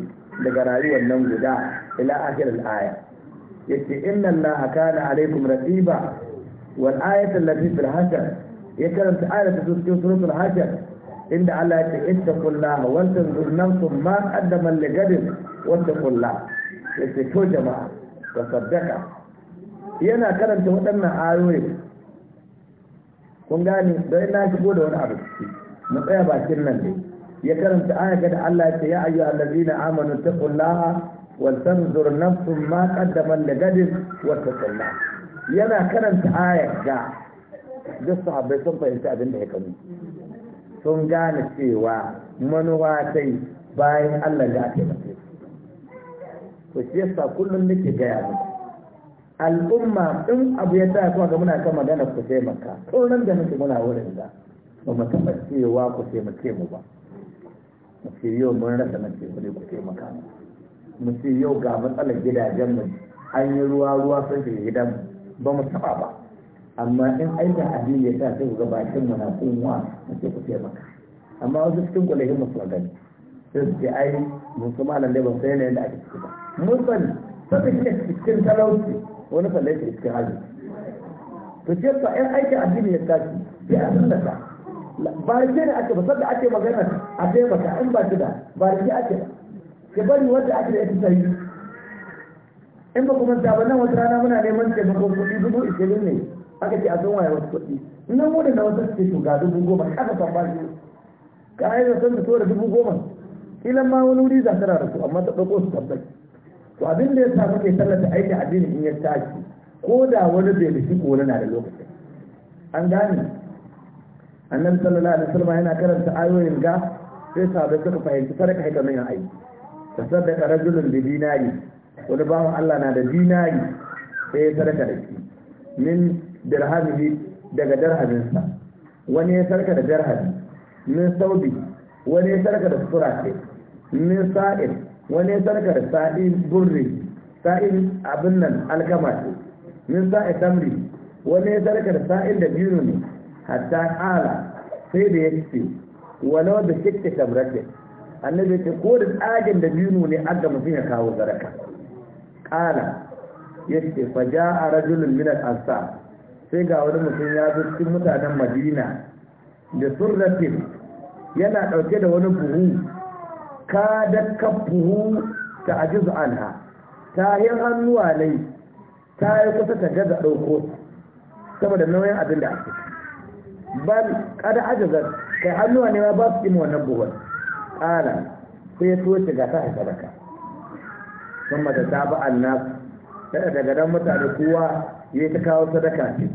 daga rayuwar nan guda ila akhir al-aya yace inna allaha kana alaikum raqiba wal ayatu allati fil hajar ya karanta ayatu ta cikin suratul hajar inda Allah ya ce ittaqullaha wa tanzur nafsum ma qaddama li gadin wattaqullaha yake to jama'a da saddaka yana karanta waɗannan ayoyi kun gane don na shigo da wani abu mu tsaya bakin nan ne ya karanta aya da Allah ya ce ya ayyu allazina amanu taqullaha wal tanzur nafsun ma qaddama li gadin wa taqullaha yana karanta aya da sahabbai sun fahimci abin da ya kanu sun gane cewa manuwa sai bayan Allah ya ce. su to shi yasa kullum nake gaya muku al'umma in abu ya tsaya kuma ga muna kan magana ku taimaka kullum da nake muna wurin da ba mu taɓa cewa ku taimake mu ba mu ce yau mun rasa na ce kuɗi ku taimaka mu ce yau ga matsalar gidajenmu an yi ruwa ruwa sun ke gidan ba mu taɓa ba amma in aikin addini ya sa sai ku ga bakin mu na kunwa mu ce ku taimaka amma wasu cikin kwalahin mu su gani sai su ce ai mun su malam dai ban san yanayin da ake ciki ba mun sani saboda shi ne cikin talauci wani sallai ke cikin hali to ce fa ɗan aikin addini ya tashi ya a ta ba rike ne ake ba sanda ake magana a taimaka in ba ki da ba rike ake ba ke bari wanda ake da ya fi sahi in ba kuma ta ba nan wata rana muna neman taimakon kuɗi dubu ishirin ne aka ce a san waye wasu kuɗi nan wurin na wasu suke shuga dubu goma kasa san ba shi ka ayyuka sun fito da dubu goma kila ma wani wuri za ta rasu amma ta ɗauko su tabbai to abin da ya sa muke tallata aiki addini in ya tashi ko da wani bai da shi ko na da lokacin an gane annabi sallallahu alaihi wasallam yana karanta ayoyin ga sai sabai suka fahimci sadaka haka nan aiki ta sadaka rajulun bi dinari wani bawan Allah na da dinari sai ya sadaka da shi min dirhamihi daga darhaminsa wani ya sadaka da darhami min saudi wani ya sadaka da sura ce min sa'il wani sarkar sa'in burri sa'in abin nan alkama ce min sa'in tamri wani sarkar sa'in da biyu ne hatta ala sai da ya ce walau da shikta tabrata annabi ce ko da tsagen da biyu ne aka mutum ya kawo zaraka Ƙala, ya ce fa ja'a rajulun minar ansa sai ga wani mutum ya zo cikin mutanen madina da surratin yana ɗauke da wani buhu kadat kafuhu ta ajizu anha tayin hannuwa ne ta yi kusa ta gaza ɗauko saboda nauyin abin da ake ban kada ajaza kai hannuwa ne ma ba su ima wannan buhun ƙala sai ya tuwo shiga ta haifar da ka sun mata ta ba an nasu daga daga dan mutane kowa ya ta kawo sadaka ce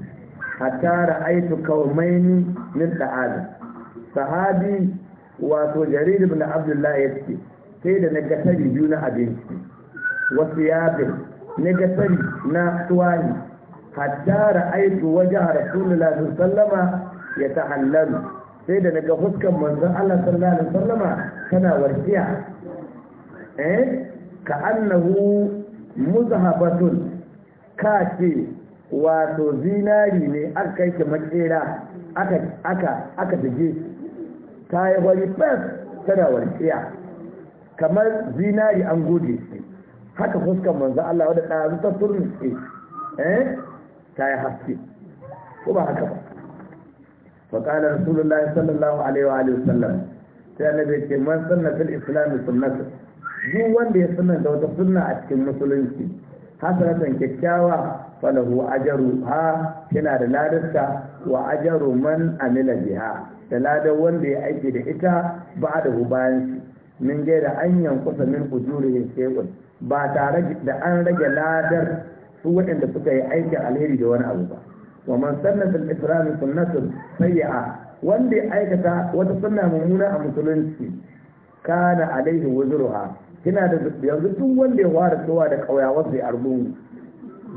hatta ra'aitu kaumaini min da'ala sahabi wato jarir ibn abdullahi ya sai da naga gasari biyu na abinci wasu yafin Naga gasari na tuwani hatta ra'aitu waje a rasulullah sallama ya ta sai da naga fuskan manzon allah sallallahu sallama tana warkiya eh ka annahu muzhabatun ka ce wato zinari ne aka kai ki makera aka aka aka dige ta yi wani fes tana walƙiya kamar zinari an gode su haka fuskan manzo Allah wadda ɗazu zuta turmi ce eh ta yi haske ko ba haka ba faƙalar qala rasulullah sallallahu alaihi wa alihi wasallam sai annabi ce man sanna fil islam sunnata duk wanda ya sunna da wata sunna a cikin musulunci hasanatan kyakkyawa falahu ajaru ha kina da ladarsa wa ajaru man amila biha da ladar wanda ya aiki da ita ba da bayan shi min da an yankusa min ujurihin shay'un ba tare da an rage ladar su waɗanda suka yi aikin alheri da wani abu ba wa man sanna fil islam sunnatun sayyi'a wanda ya aikata wata sunna mummuna a musulunci kana alaihi wuzruha kina da yanzu duk wanda ya fara tsowa da kauya wasu argungu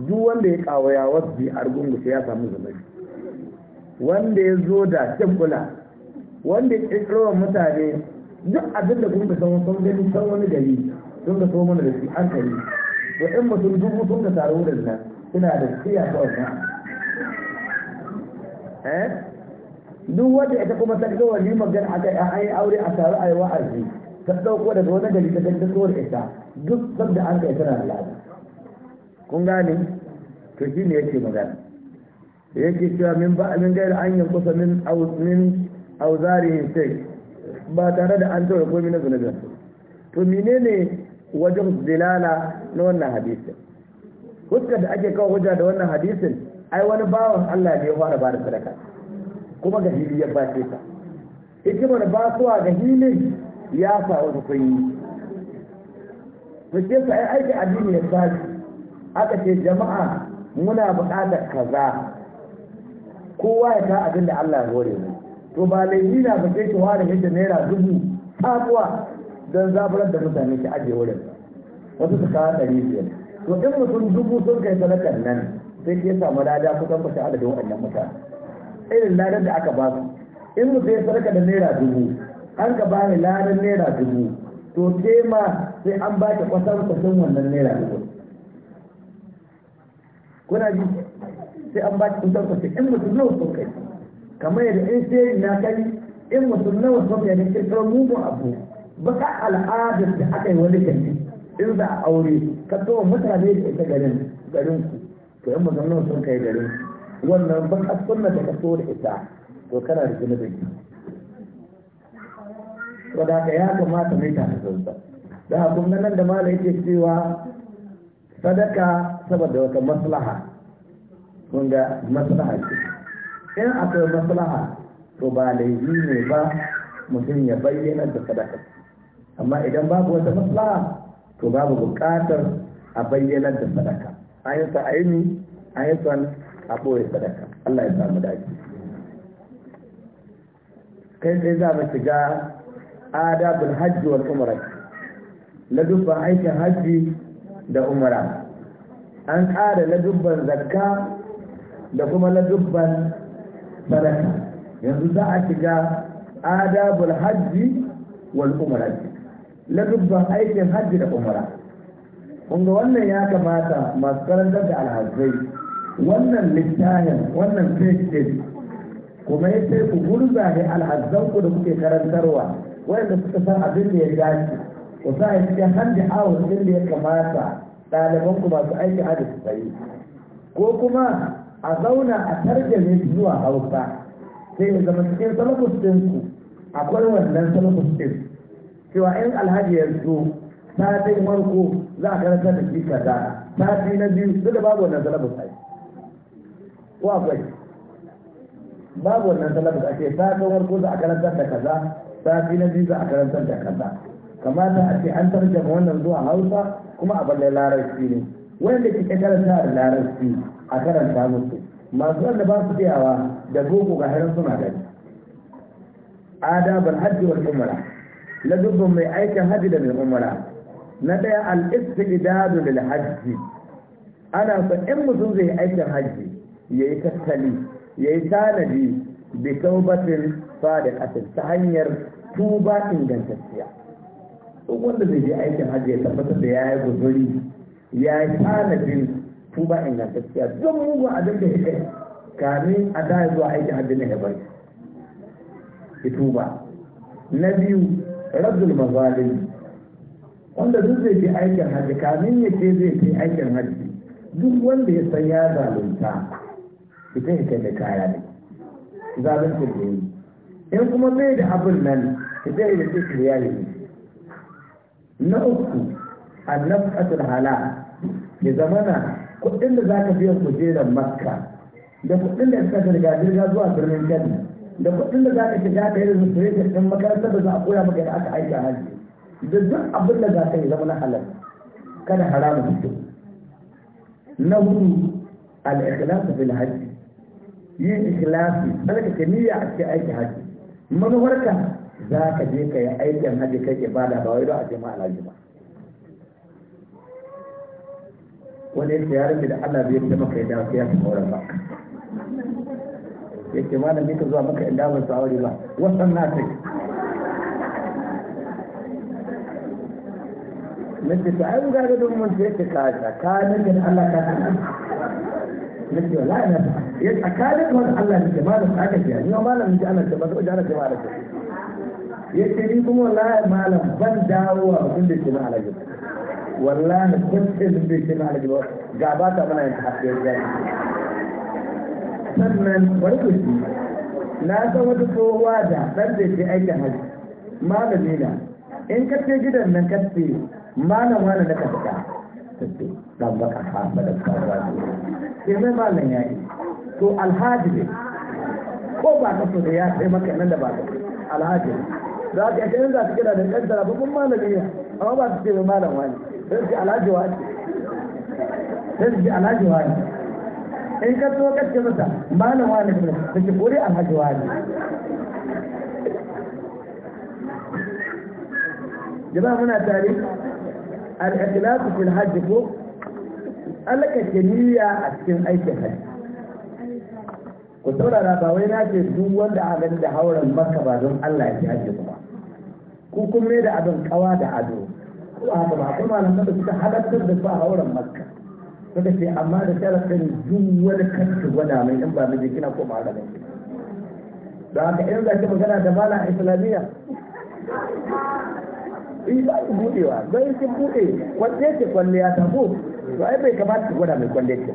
duk wanda ya kauya wasu argungu sai ya samu zamani wanda ya zo da kula wanda ya kirkiro mutane duk abin da kun ka san sun gani san wani gari sun ka so mana da su hankali to in mutum dubu sun ka taru da nan suna da siya ta wannan eh duk wanda ita kuma ta ga wani magana aka ayi aure a taru yi wa'azi ta ɗauko daga wani gari ta ganta so da ita duk sabda an kai tana da kun gane to ne yake magana yake cewa min ba min gaira an yi kusa min min auzari sai ba tare da an tawaye komai na zunubin to menene wajen zilala na wannan hadisin huska da ake kawo hujja da wannan hadisin ai wani bawan Allah ne ya fara ba da sadaka kuma ga hili ya bace ta hikimar basuwa ga hilin ya sa wasu kun yi to ce su ai aiki addini ya sashi aka ce jama'a muna buƙatar kaza kowa ya ta abin da Allah ya hore mu to ba laifi na ba sai ki ware mita naira dubu sabuwa don zaburar da mutane ki aje wurin wasu su kawo ɗari biyar to in mutum dubu sun kai sadakar nan sai ke samu lada kusan kusa adadin wannan mutane irin ladar da aka ba su in mutum ya sadaka da naira dubu an ka bani ladar naira dubu to ke ma sai an ba ki kusan kusan wannan naira dubu kuna ji sai an ba ki kusan ku in mutum nawa sun kai kamar yadda in sai na kai in mutum nawa sun kai da ke tsawon mugun abu baka al'adar da aka yi wani kanti in za a aure ka tsawon mutane da ita garin garin ku to in mutum nawa sun kai garin wannan baka sunna da ka so da ita to kana da zunubin ki wadaka ya kamata mai ta zunta da kun nan da malai ke cewa sadaka saboda wata maslaha kun ga maslaha ce in akwai maslaha to ba laifi ne ba mutum ya bayyana da sadaka amma idan babu wata maslaha to babu buƙatar a bayyana da sadaka an yi sa aini an yi son a ɓoye sadaka Allah ya samu dace kai sai za mu shiga adabul hajji wal umra ladubban aikin hajji da umra an la ladubban zakka da kuma ladubban sadaka yanzu za a shiga adabul hajji wal umrati ladubban aikin hajji da umra kun wannan ya kamata masu karantar da alhazai wannan littafin wannan page kuma ya sai ku gurza ne alhazan ku da kuke karantarwa wanda suka san abin da ya dace ku sa ya cikin handi awon din da ya kamata ɗaliban masu aiki a su sayi ko kuma a zauna a tarjame zuwa hausa sai ya zama cikin salakus ɗinku akwai wannan salafus ɗin cewa in alhaji ya zo satin marko za a karanta da shi kaza sati na biyu duk da babu wannan salakus ɗin ko akwai babu wannan salakus ake satin marko za a karanta da kaza sati na biyu za a karanta da kaza kamata a ce an tarjama wannan zuwa hausa kuma a balle larabci ne wanda ke karanta da larabci a karanta musu masu wanda ba su tsayawa da boko ga harin suna da ni. adabar hajji wal umara na dubban mai aikin hajji da mai umara na ɗaya al-istidadu lil hajji ana so in mutum zai aikin hajji yayi tattali yayi tanadi bi taubatin sadiqatin ta hanyar tuba ingantacciya duk wanda zai je aikin hajji ya tabbatar da yayi guzuri ya yi tanadin tuba ingantacciya don mugun a da ya kai kamin a da zuwa aikin hajji na hebar ki tuba na biyu raddul mazalimi wanda duk zai fi aikin hajji kamin ya ce zai fi aikin hajji duk wanda ya san ya zalunta ita ita da kaya ne zalunta da yi in kuma bai da abin nan ita ita ce ya yi na uku annabtatul halal ya zamana kuɗin da za ka biya kujerar makka da kuɗin da ka riga-riga zuwa birnin kadi da kuɗin da za ka shiga ka yi registration ɗin makarantar da za a koya maka da aka aiki a hajji da duk abin da za ka yi zama na halal kada haramun fito na hudu al-ikhlasu fil hajji yin ikhlasi ka niyya a cikin aikin hajji manuwarka za ka je ka yi aikin hajji kai ke ba wai don a ce ma alhaji ba wani yake ya rage da Allah bai yadda maka yadda sai ya fi auren ba yake malam bai ka zuwa maka yadda ba su aure ba wasan na kai nake ta ai ga don mun sai ka ka ka nake da Allah ka san nake wala ina ya tsakanin wani Allah nake malam ka kace ni malam nake Allah ka ba ta Allah ka ba ta yake ni kuma wallahi malam ban dawowa mutum da ke ma alaji wallahi kun ce sun bai ce na alaji ba ga ba ta mana yin hafiyar jari sannan bari ku ji na san wata tsohuwa da ɗan da ke aikin hajji malami na in ka ce gidan nan ka ce malam wani na kafka ta ce ɗan baka hafa da kawo sai mai malam ya yi to alhaji ne ko ba ka so da ya sai maka nan da ba ka alhaji ne za ka yi za ka kira da ƙaddara babban malami ya amma ba su ce mai malam wani sai ji alhaji wani sai ji alhaji wani in ka so ka ce masa malam wani ne da ke kore alhaji wani jama'a muna tare al-ikhlasu fil hajj ko alaka niyya a cikin aikin hajji ku saurara ba wai na ce duk wanda a gani da hauren maka ba don Allah ya ci hajji ba ku kun da abin kawa da ado ko haka ba akwai nan da suka halartar da ba a auren makka suka ce amma da sharafin duk wani kashi gwada mai in ba mijin kina ko malamin ki da haka in za ki magana da mala islamiyya in ba ki buɗewa don in kin buɗe kwalle ce kwalle ya tabo to ai bai kamata ki gwada mai kwalle ce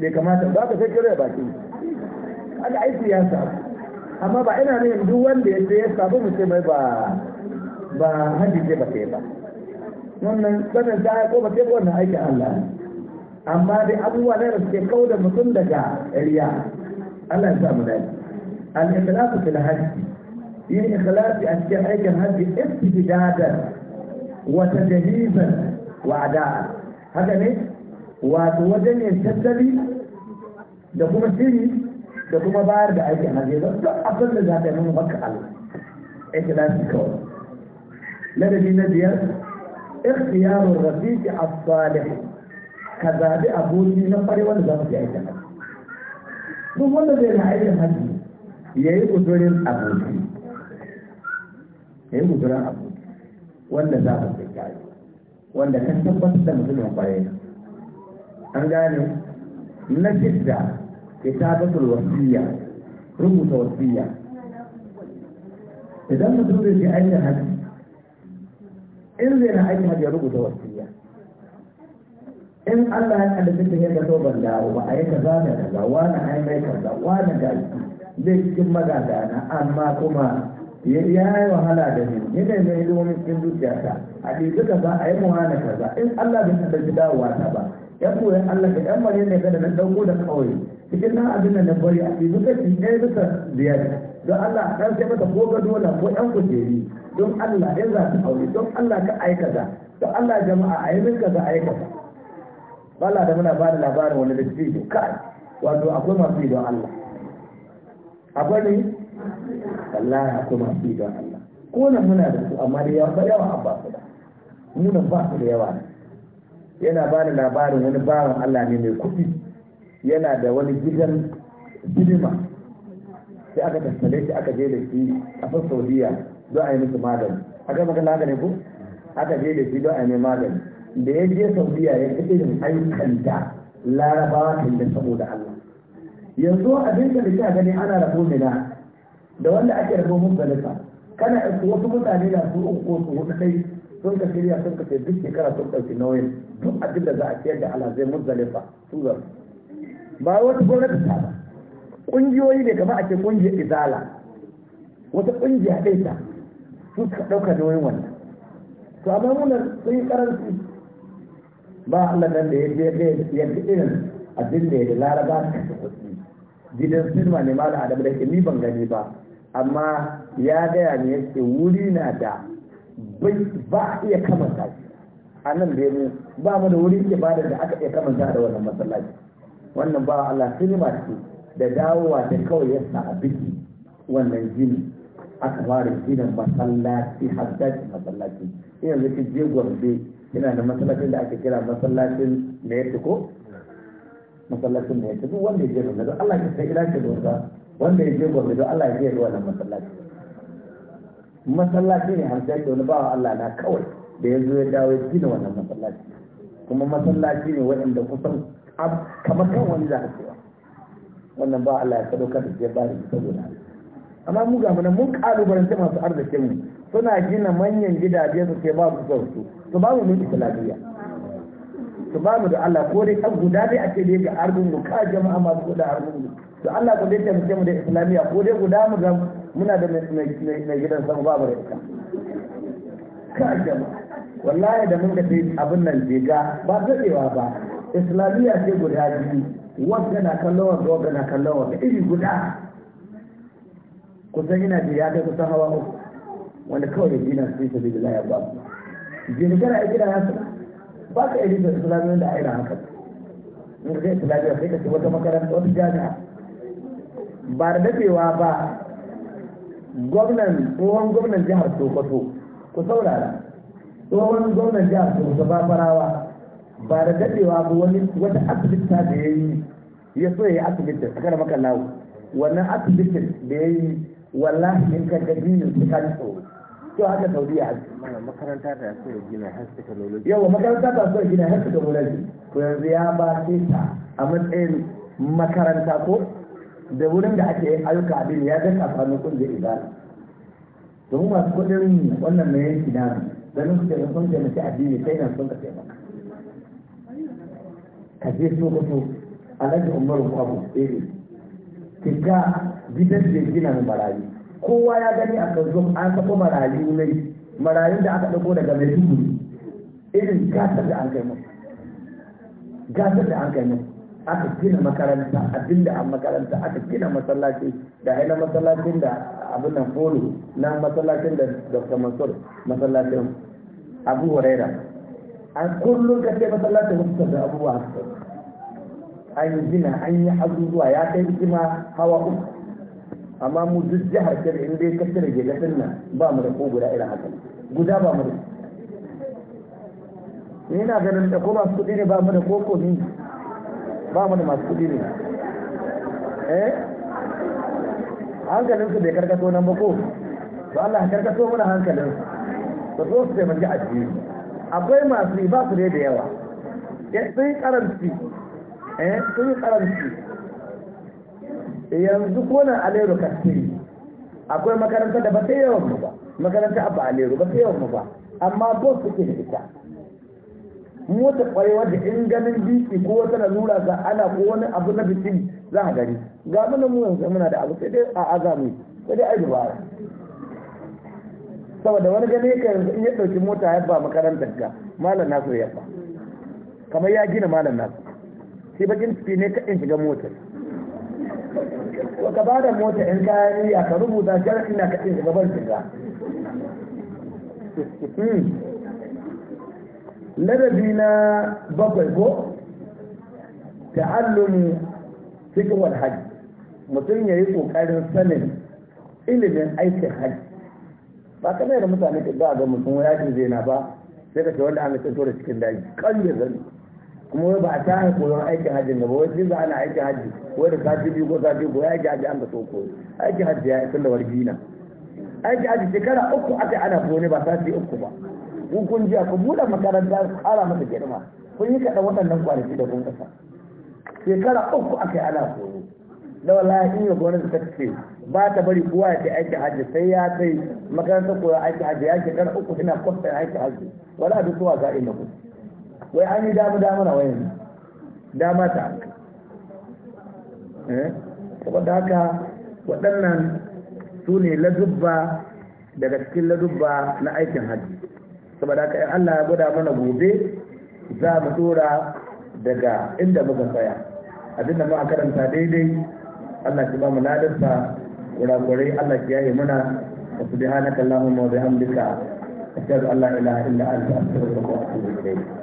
bai kamata ba ka sai kira baki kaga aiki ya samu amma ba ina nuna duk wanda ya sabu mu ce mai ba ba hajji ce ba ta yi ba wannan sanin ta ko ba ta yi wannan aikin Allah ne amma dai abubuwa ne da suke kawo da mutum daga riya Allah ya sa mu dai al-ikhlasu fil hajji yin ikhlasi a cikin aikin hajji istidada wa tajhiban wa ada'a haka ne wato wajen yin tattali da kuma shiri da kuma bayar da aikin hajji don duk abin da za ka yi mun maka Allah ikhlasi kawai ladabi na biyar ikhtiyarur rafiqi as-salih ka zabi aboki na fare wanda za su yi aikin haji duk wanda zai yi aikin haji ya yi kudurin aboki ya yi kudurin aboki wanda za su yi kai wanda ka tabbatar da mutumin kwarai an gane na shidda kitabatul wasiyya rubuta wasiyya idan mutum zai yi aikin haji in zai na aiki hajji ya rubuta wasiya in Allah ya kada cikin ya ga ban dawo ba a yi kaza da kaza wani ai mai kaza wani ga zai cikin magadana amma kuma ya yi wahala da ni ya ne mai hidimomin cikin ta a ɗizu ba a yi muhana kaza in Allah bai kada shi dawowa ta ba ya koya Allah ka yan mare ne ga na ɗauko da ƙauye cikin nan abin da na bari a ɗizu kashi ɗaya bisa ziyarci don Allah a ɗan sai mata ko gado na ko ɗan kujeri don Allah ya za ta aure don Allah ka aikata don Allah jama'a a yi minka za aikata bala da muna bada labarin wani da ke yi kai wato akwai masu don Allah akwai ne ya akwai masu don Allah ko nan muna da su amma da yawa yawa a ba su da nuna ba su da yawa yana bada labarin wani bawan Allah ne mai kuɗi yana da wani gidan hidima sai aka tattale shi aka je da shi a Saudiya don a yi musu magani a kai maka haka ku? ko aka je da shi don a yi magani da ya je saudiya ya fi irin ayyukan da larabawa kan da saboda allah yanzu abin da a gani ana rabo mina da wanda ake rabo mun balisa kana su wasu mutane na su uku ko su hudu kai sun ka shirya sun ka duk shekara sun ɗauki nauyin duk abin da za a ciyar da zai muzdalifa su zama ba wata gwamnati ta ba ƙungiyoyi ne kamar a ce ƙungiyar izala wata ƙungiya ɗaya ta su ka ɗauka da wani wannan to amma muna sun yi karanci ba Allah nan da ya je ya fi irin abin da ya da laraba ta kuɗi gidan sinima ne ma da adam da ke ni ban gani ba amma ya gaya ne yace wuri na da bai ba iya kamanta shi a nan da mu ba mu da wuri ba da aka iya kamanta da wannan masallaci wannan ba Allah sinima ce da dawowa da kawai ya sa a biki wannan jini aka fara gina masallaci haddaci masallaci ina da ki je gombe ina da masallacin da ake kira masallacin na ya ko masallacin na ya duk wanda ya je gombe don Allah ya sai ila ke dosa wanda ya je gombe don Allah ya je ga wannan masallaci masallaci ne har sai wani bawa Allah na kawai da ya zo ya dawo gina wannan masallaci kuma masallaci ne waɗanda kusan kamar kan wani za a cewa wannan ba Allah ya sadaukar da ya bari saboda Allah amma mu ga mun mun kalubalance masu arzikin mu suna gina manyan gidaje su ce babu son su to babu mun islamiyya to mu da Allah ko dai kan guda dai ake dai ga arzikin mu ka jama'a masu guda arzikin mu to Allah ko dai taimake mu da islamiyya ko dai guda mu ga muna da mai gidan sama babu da ka ka jama'a wallahi da mun ga dai abin nan ga ba zadewa ba islamiyya ce guda biyu wanda na kallon wanda na kallon wanda iri guda kusan yana da ya kai kusan hawa uku wanda kawai da gina su sabi da laya ba jirgin a gina nasu ba ka yi da islamiyyar da aina haka in ka kai islamiyyar sai ka ce wata makaranta wata jami'a ba da dafewa ba gwamnan tsohon gwamnan jihar sokoto ku saurara tsohon gwamnan jihar sokoto ba farawa ba da dadewa ba wani wata asibita da ya yi ya so ya yi asibitin a kan lawo wannan asibitin da ya yi wallahi in ka ga dinin su kan so to haka saudiya haka mana makaranta da so gina health technology yawa makaranta da so gina health technology to yanzu ya ba ce ta a matsayin makaranta ko da wurin da ake yin ayyuka din ya ga kun da ibada mu masu kudin wannan mai yanki na ganin su kenan sun taimaki addini sai nan sun ka taimaka ka je so ka so alhaji umaru kwabu tsere shiga gidan da gina marayu kowa ya gani a kanzon an sako marayu ne marayu da aka ɗauko daga maiduguri irin gasar da an kai mu gasar da an kai mu aka gina makaranta a dinda an makaranta aka gina masallaci da aina masallacin da abin nan folo na masallacin da dr mansur masallacin abu huraira a kullum ka ce masallacin da abubuwa haka an gina an yi zuwa ya kai jima hawa uku amma mu duk jihar kir in dai ka cire gidatin nan ba mu da ko guda irin haka guda ba mu da ni na ganin da ko masu kuɗi ne ba mu da koko ni ba mu da masu kuɗi ne eh hankalin su bai karkato nan ba ko to Allah karkato mana hankalin su to so su taimaki ajiye akwai masu ba su ne da yawa sai karanci eh sun karanci yanzu ko nan alero kastiri akwai makaranta da ba sai yawan mu ba makaranta abba alero ba sai yawan mu ba amma bos suke da ita mota kwarewa da in ganin biki ko wata lalura ga ana ko wani abu na bikin za a gani ga mana mu yanzu muna da abu sai dai a azami sai dai a dubara saboda wani gane ka yanzu in ya ɗauki mota ya ba makarantar ka malam nasu ya ba kamar ya gina malam nasu shi bakin ciki ne ka in shiga motar ka ba da mota in kayan niyya ka rubuta sharaɗin na kaɗin shiga ban shiga hmm. ladabi na bakwai ko ta ta'allumi cikin hajj mutum ya yi ƙoƙarin sanin ilimin aikin hajji ba kamar da mutane ka ga mutum ya ce zai na ba sai ka ce wanda an ga tsinto cikin daji kan ya zani kuma wai ba a tahi koyon aikin hajji ba wai jin ana aikin hajji wai da sati biyu ko sati ko ya aikin hajji an ka so koyi aikin hajji ya isin da wargi na aikin hajji shekara uku aka ana koyo ne ba sati uku ba hukun kun jiya ku buɗe makaranta ƙara masa girma kun yi kaɗan waɗannan kwanaki da kun kasa shekara uku aka ana koyo da wallahi in yi gwamnati ta ce ba ta bari kowa ya ce aiki hajji sai ya sai makarantar koyon aiki hajji ya shekara uku ina kwafta aiki hajji wala duk zuwa ga'in na kuma wai an yi dama dama na wayan dama ta eh? saboda haka waɗannan su ne ladubba daga cikin ladubba na aikin hajji saboda haka in Allah ya gwada mana gobe za mu tura daga inda muka tsaya abinda a karanta daidai Allah ki ba mu ladarsa kurakurai Allah shi yayi muna wa subhanaka allahumma wa bihamdika أشهد أن لا إله illa أنت أستغفرك وأتوب إليك